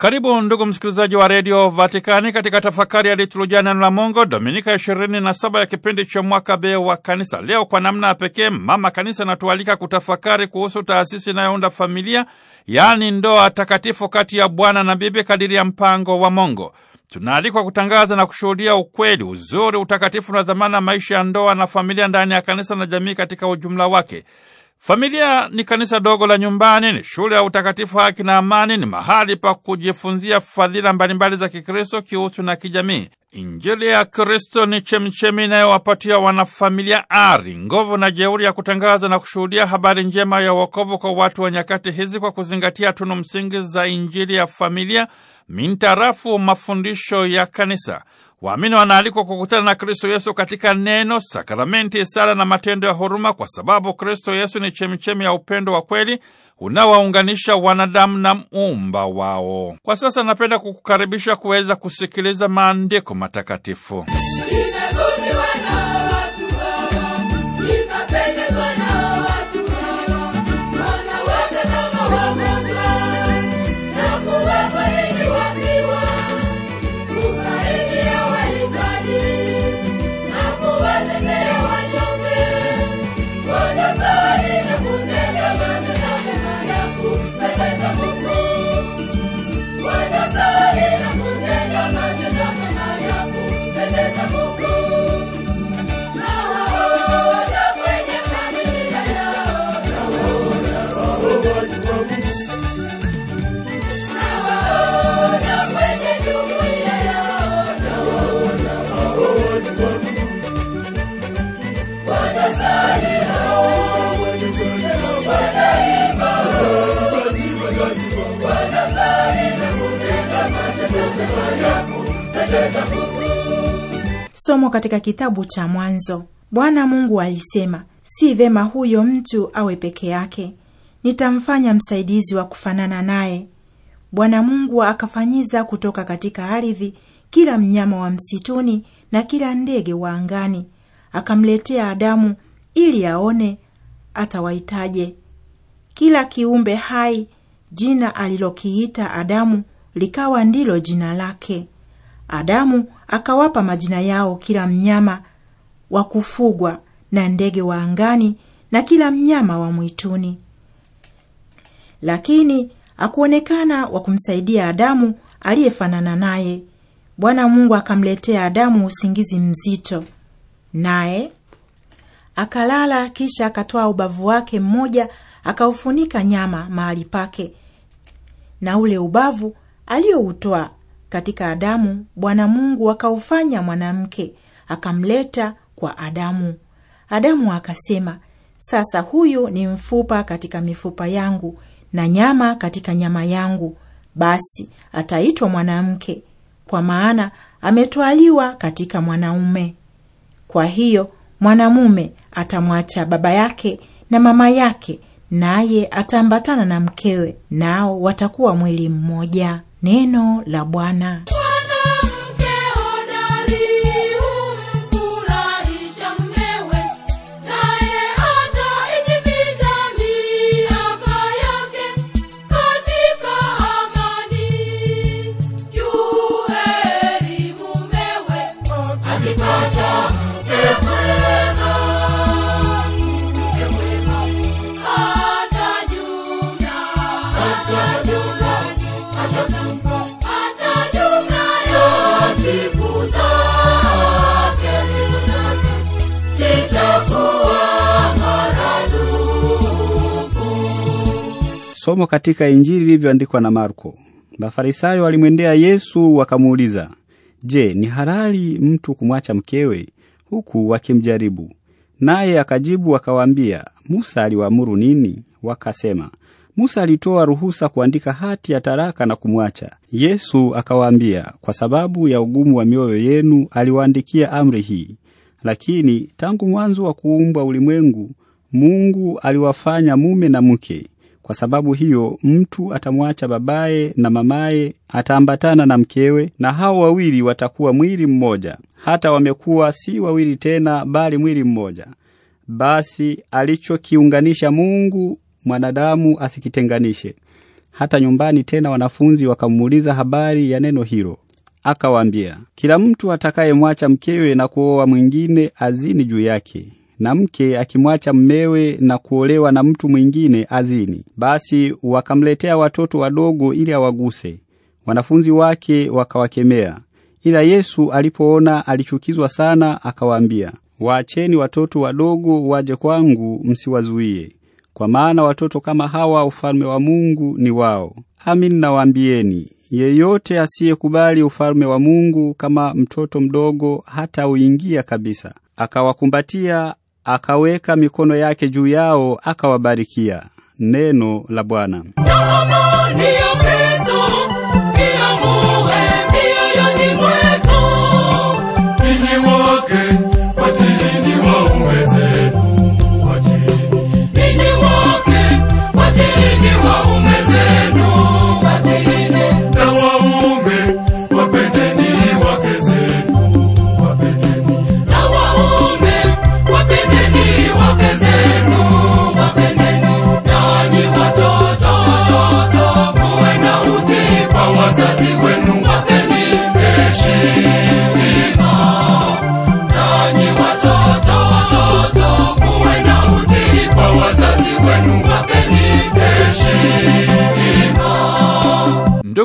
Karibu ndugu msikilizaji wa redio Vatikani katika tafakari ya liturujia neno la Mungu, dominika 27 ya kipindi cha mwaka B wa Kanisa. Leo kwa namna ya pekee, mama Kanisa anatualika kutafakari kuhusu taasisi inayounda familia, yaani ndoa takatifu kati ya bwana na bibi kadiri ya mpango wa Mungu. Tunaalikwa kutangaza na kushuhudia ukweli, uzuri, utakatifu na dhamana maisha ya ndoa na familia ndani ya kanisa na jamii katika ujumla wake. Familia ni kanisa dogo la nyumbani, ni shule ya utakatifu, haki na amani, ni mahali pa kujifunzia fadhila mbalimbali za Kikristo, kiutu na kijamii. Injili ya Kristo ni chemchemi inayowapatia wanafamilia ari, nguvu na jeuri ya kutangaza na kushuhudia habari njema ya wokovu kwa watu wa nyakati hizi, kwa kuzingatia tunu msingi za Injili ya familia mintarafu mafundisho ya kanisa. Waamini wanaalikwa kukutana na Kristo Yesu katika neno, sakramenti, sala na matendo ya huruma, kwa sababu Kristo Yesu ni chemichemi ya upendo wa kweli unawaunganisha wanadamu na muumba wao. Kwa sasa napenda kukukaribisha kuweza kusikiliza maandiko matakatifu Somo katika kitabu cha Mwanzo. Bwana Mungu alisema, si vema huyo mtu awe peke yake, nitamfanya msaidizi wa kufanana naye. Bwana Mungu akafanyiza kutoka katika ardhi kila mnyama wa msituni na kila ndege wa angani, akamletea Adamu ili aone atawaitaje. Kila kiumbe hai jina alilokiita Adamu likawa ndilo jina lake. Adamu akawapa majina yao kila mnyama wa kufugwa na ndege wa angani na kila mnyama wa mwituni, lakini hakuonekana wa kumsaidia Adamu aliyefanana naye. Bwana Mungu akamletea Adamu usingizi mzito, naye akalala. Kisha akatwaa ubavu wake mmoja akaufunika nyama mahali pake, na ule ubavu aliyoutoa katika Adamu, Bwana Mungu akaufanya mwanamke, akamleta kwa Adamu. Adamu akasema, sasa huyu ni mfupa katika mifupa yangu na nyama katika nyama yangu, basi ataitwa mwanamke, kwa maana ametwaliwa katika mwanaume. Kwa hiyo mwanamume atamwacha baba yake na mama yake, naye ataambatana na mkewe, nao watakuwa mwili mmoja. Neno la Bwana. Somo katika Injili ilivyoandikwa na Marko. Mafarisayo walimwendea Yesu wakamuuliza, "Je, ni halali mtu kumwacha mkewe?" huku wakimjaribu. Naye akajibu akawaambia, "Musa aliwaamuru nini?" Wakasema, "Musa alitoa ruhusa kuandika hati ya taraka na kumwacha." Yesu akawaambia, "Kwa sababu ya ugumu wa mioyo yenu aliwaandikia amri hii, lakini tangu mwanzo wa kuumbwa ulimwengu Mungu aliwafanya mume na mke kwa sababu hiyo mtu atamwacha babaye na mamaye, ataambatana na mkewe, na hao wawili watakuwa mwili mmoja. Hata wamekuwa si wawili tena, bali mwili mmoja. Basi alichokiunganisha Mungu, mwanadamu asikitenganishe. Hata nyumbani tena wanafunzi wakamuuliza habari ya neno hilo. Akawaambia, kila mtu atakayemwacha mkewe na kuoa mwingine azini juu yake, na mke akimwacha mmewe na kuolewa na mtu mwingine azini. Basi wakamletea watoto wadogo ili awaguse. Wanafunzi wake wakawakemea, ila Yesu alipoona alichukizwa sana, akawaambia, waacheni watoto wadogo waje kwangu, msiwazuie, kwa maana watoto kama hawa ufalme wa Mungu ni wao. Amin nawaambieni, yeyote asiyekubali ufalme wa Mungu kama mtoto mdogo hata uingia kabisa. Akawakumbatia, akaweka mikono yake juu yao akawabarikia. Neno la Bwana.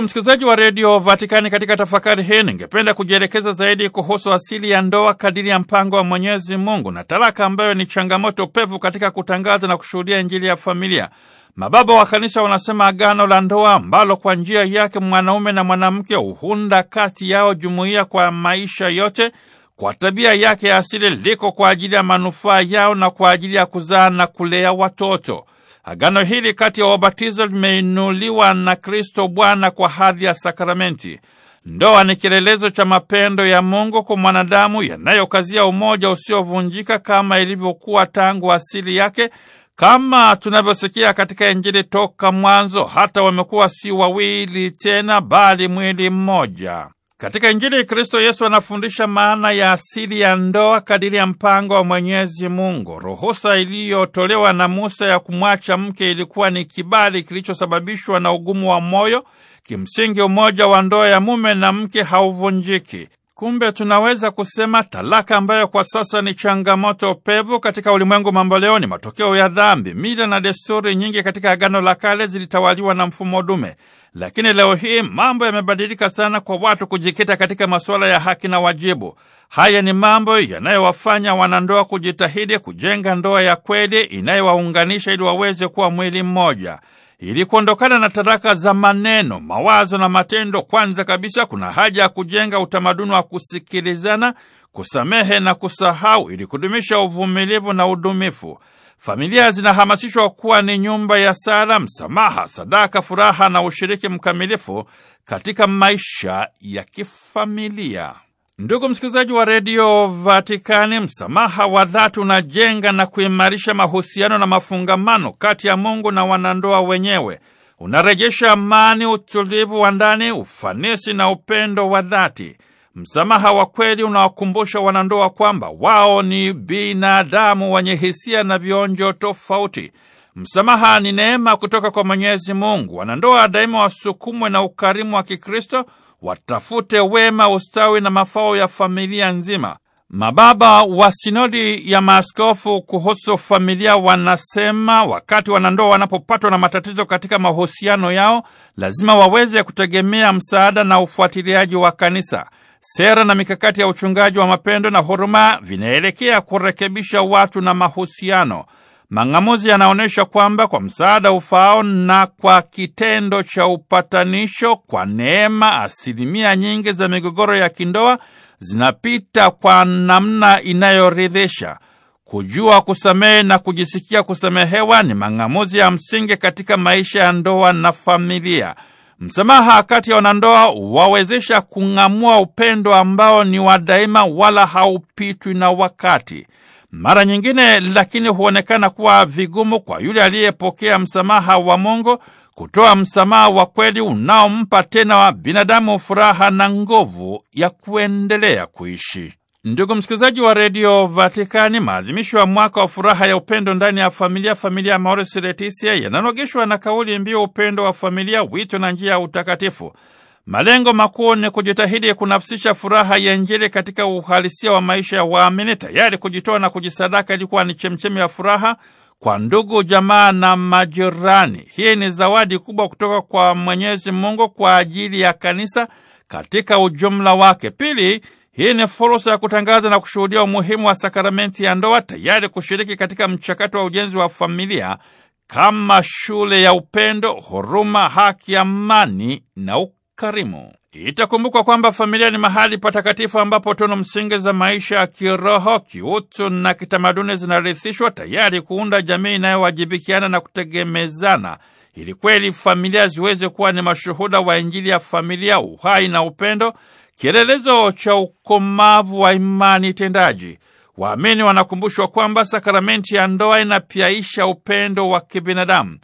Ndugu msikilizaji wa redio Vatikani, katika tafakari hii ningependa kujielekeza zaidi kuhusu asili ya ndoa kadiri ya mpango wa Mwenyezi Mungu na talaka, ambayo ni changamoto pevu katika kutangaza na kushuhudia Injili ya familia. Mababa wa Kanisa wanasema agano la ndoa ambalo kwa njia yake mwanaume na mwanamke huunda kati yao jumuiya kwa maisha yote, kwa tabia yake ya asili, liko kwa ajili ya manufaa yao na kwa ajili ya kuzaa na kulea watoto. Agano hili kati ya wabatizo limeinuliwa na Kristo Bwana kwa hadhi ya sakramenti. Ndoa ni kielelezo cha mapendo ya Mungu kwa mwanadamu yanayokazia umoja usiovunjika kama ilivyokuwa tangu asili yake, kama tunavyosikia katika Injili toka mwanzo, hata wamekuwa si wawili tena, bali mwili mmoja. Katika Injili, Kristo Yesu anafundisha maana ya asili ya ndoa kadiri ya mpango wa Mwenyezi Mungu. Ruhusa iliyotolewa na Musa ya kumwacha mke ilikuwa ni kibali kilichosababishwa na ugumu wa moyo. Kimsingi, umoja wa ndoa ya mume na mke hauvunjiki. Kumbe tunaweza kusema talaka ambayo kwa sasa ni changamoto pevu katika ulimwengu mamboleo ni matokeo ya dhambi. Mila na desturi nyingi katika Agano la Kale zilitawaliwa na mfumo dume, lakini leo hii mambo yamebadilika sana kwa watu kujikita katika masuala ya haki na wajibu. Haya ni mambo yanayowafanya wanandoa kujitahidi kujenga ndoa ya kweli inayowaunganisha ili waweze kuwa mwili mmoja. Ili kuondokana na taraka za maneno, mawazo na matendo, kwanza kabisa kuna haja ya kujenga utamaduni wa kusikilizana, kusamehe na kusahau ili kudumisha uvumilivu na udumifu. Familia zinahamasishwa kuwa ni nyumba ya sala, msamaha, sadaka, furaha na ushiriki mkamilifu katika maisha ya kifamilia. Ndugu msikilizaji wa redio Vatikani, msamaha wa dhati unajenga na kuimarisha mahusiano na mafungamano kati ya Mungu na wanandoa wenyewe. Unarejesha amani, utulivu wa ndani, ufanisi na upendo wa dhati. Msamaha wa kweli unawakumbusha wanandoa kwamba wao ni binadamu wenye hisia na vionjo tofauti. Msamaha ni neema kutoka kwa Mwenyezi Mungu. Wanandoa daima wasukumwe na ukarimu wa Kikristo watafute wema, ustawi na mafao ya familia nzima. Mababa wa sinodi ya maaskofu kuhusu familia wanasema wakati wanandoa wanapopatwa na matatizo katika mahusiano yao, lazima waweze kutegemea msaada na ufuatiliaji wa kanisa. Sera na mikakati ya uchungaji wa mapendo na huruma vinaelekea kurekebisha watu na mahusiano. Mang'amuzi yanaonyesha kwamba kwa msaada ufaao na kwa kitendo cha upatanisho, kwa neema, asilimia nyingi za migogoro ya kindoa zinapita kwa namna inayoridhisha. Kujua kusamehe na kujisikia kusamehewa ni mang'amuzi ya msingi katika maisha ya ndoa na familia. Msamaha kati ya wanandoa wawezesha kung'amua upendo ambao ni wa daima, wala haupitwi na wakati mara nyingine lakini huonekana kuwa vigumu kwa yule aliyepokea msamaha wa Mungu kutoa msamaha wa kweli unaompa tena wa binadamu furaha na nguvu ya kuendelea kuishi. Ndugu msikilizaji wa redio Vatikani, maadhimisho ya mwaka wa furaha ya upendo ndani ya familia, familia ya Maoris Leticia, yananogeshwa na kauli mbiu upendo wa familia, wito na njia ya utakatifu. Malengo makuu ni kujitahidi kunafsisha furaha ya Injili katika uhalisia wa maisha ya waamini, tayari kujitoa na kujisadaka ilikuwa ni chemchemi ya furaha kwa ndugu, jamaa na majirani. Hii ni zawadi kubwa kutoka kwa Mwenyezi Mungu kwa ajili ya kanisa katika ujumla wake. Pili, hii ni fursa ya kutangaza na kushuhudia umuhimu wa sakramenti ya ndoa, tayari kushiriki katika mchakato wa ujenzi wa familia kama shule ya upendo, huruma, haki, amani na uko karimu. Itakumbukwa kwamba familia ni mahali patakatifu ambapo tunu msingi za maisha ya kiroho, kiutu na kitamaduni zinarithishwa tayari kuunda jamii inayowajibikiana na kutegemezana, ili kweli familia ziweze kuwa ni mashuhuda wa Injili ya familia, uhai na upendo, kielelezo cha ukomavu wa imani tendaji. Waamini wanakumbushwa kwamba sakramenti ya ndoa inapiaisha upendo wa kibinadamu.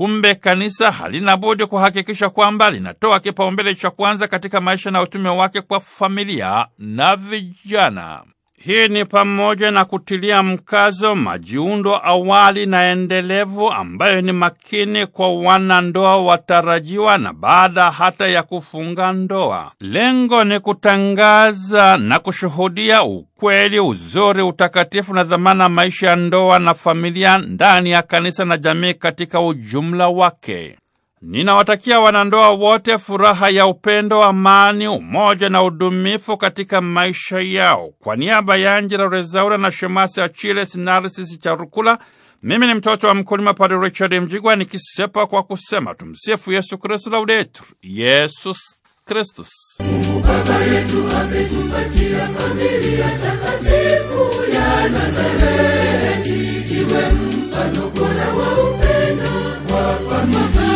Kumbe kanisa halina budi kuhakikisha kwamba linatoa kipaumbele cha kwanza katika maisha na utume wake kwa familia na vijana. Hii ni pamoja na kutilia mkazo majiundo awali na endelevu ambayo ni makini kwa wanandoa watarajiwa na baada hata ya kufunga ndoa. Lengo ni kutangaza na kushuhudia ukweli, uzuri, utakatifu na dhamana maisha ya ndoa na familia ndani ya kanisa na jamii katika ujumla wake. Ninawatakia wanandoa wote furaha ya upendo, amani, umoja na udumifu katika maisha yao. Kwa niaba ya Angela Rezaura na Shemasi Achille Sinarsis Charukula, mimi ni mtoto wa mkulima Padre Richard Mjigwa nikisepa kwa kusema tumsifu Yesu Kristu, laudetur Yesus Kristus. Mungu Nazareti iwe mfano bora wa upendo familia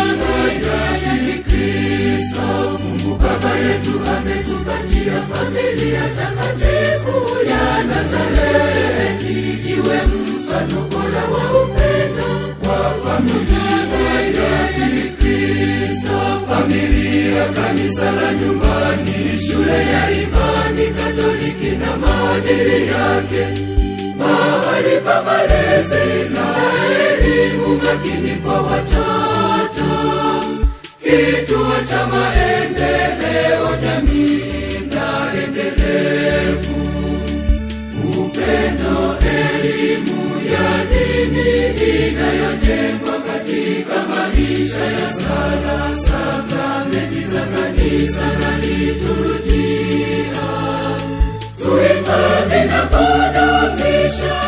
Injili ya kanisa la nyumbani, shule ya imani Katoliki na maadili yake, mahali pa malezi na elimu makini kwa watoto, kituo cha yanayojengwa katika maisha ya sala sakramenti za kanisa na liturujia tuhifadhi na kudumisha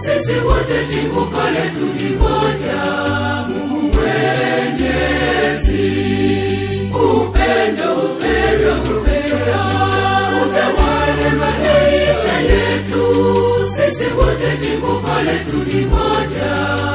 sisi wote chimbuko letu ni moja mungu mwenyezi upendo upendo upendo utawale maisha yetu sisi wote chimbuko letu ni moja